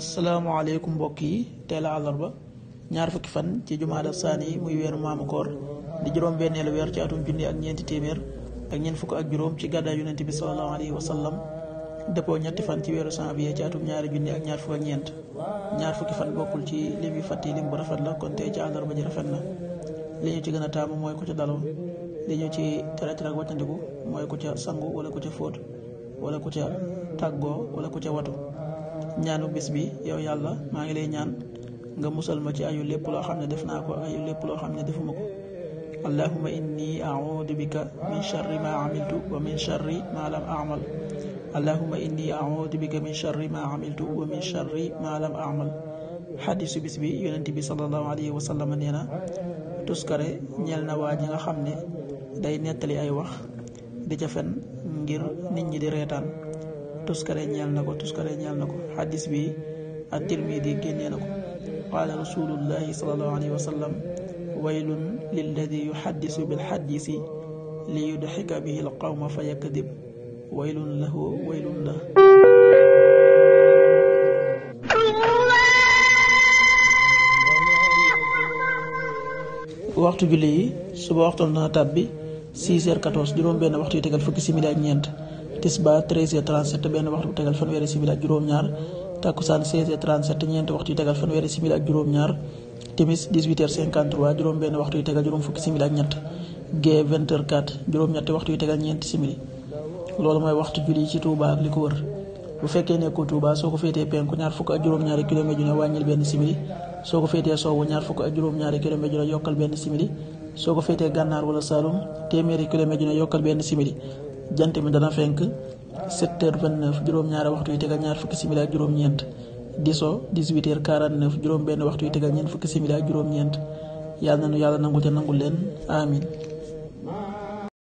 asalaamaaleykum mbokk yi teela a ba ñaar fukki fan ci jumaada saani muy weeru maamu di juróom benneelu weer ci atum junni ak ñeent téeméer ak ñeent fukk ak juróom ci gàddaay yonent bi sallallahu alayhi wa sallam dëppoo ñetti fan ci weeru bi janvier ci atum ñaari junni ak ñaar fukk ak ñeent ñaar fukki fan bokkul ci lim yu fàtte lim bu rafet la kon tey ci àllarba ji rafet na li ñu ci gën a taamu mooy ku ca daloo li ñu ci tere tere ak wàccandiku mooy ku ca wala ku ca fóot wala ku ca tàggoo wala ku ca watu ñaanu bés bi yow yàlla maa ngi lay ñaan nga musal ma ci ayu lépp loo xam ne def naa ko ayu lépp loo xam ne defuma ko allahuma inni audu bika min charri ma amiltu wa min charri ma lam amal allahuma ma amiltu wa min charri ma lam amal xadisu bis bi yonent bi salallahu alayhi wa sallam nee na tuskare ñeel na waa ñi nga xam ne day nettali ay wax di ca ngir nit ñi di reetaan tuskare ñeel na ko tuskare ñeel na ko xadis bi ak tirmidi génnee na ko wa sallam waylun lilladi li yudxika bihi alqawma suba waxtu na bi 6h14 juróom benn waxtu yi tegal fukki simili ak ñeent Tisba 13h37 benn waxtu bu tegal fanweeri simili ak juróom-ñaar Takkusaan 16h37 ñeenti waxtu yu tegal fanweeri simili Timis 18h53 juróom-benn waxtu yu tegal juróom-fukki simili ak ñett Gee 20h04 juróom-ñetti waxtu yu tegal ñeenti simili loolu mooy waxtu julli ci Touba ak li ko wër. bu fekkee nekkoo Touba soo ko féetee penku ñaar fukk ak juróom-ñaari kilomètre ju ne wàññil benn simili soo ko féetee soowu ñaar fukk ak juróom-ñaari kilomètre ju ne yokkal benn simili soo ko féetee gànnaar wala Saloum téeméeri ne yokkal benn simili jant bi dana fenk 7 heures 29 juróom-ñaari waxtu yi tegal ñaar fukki simili ak juróom-ñeent di so 18 heures 49 juróom-benn waxtu yi tegal ñeent fukki simili ak juróom-ñeent yàlla na nu yàlla nangul te nangul leen amin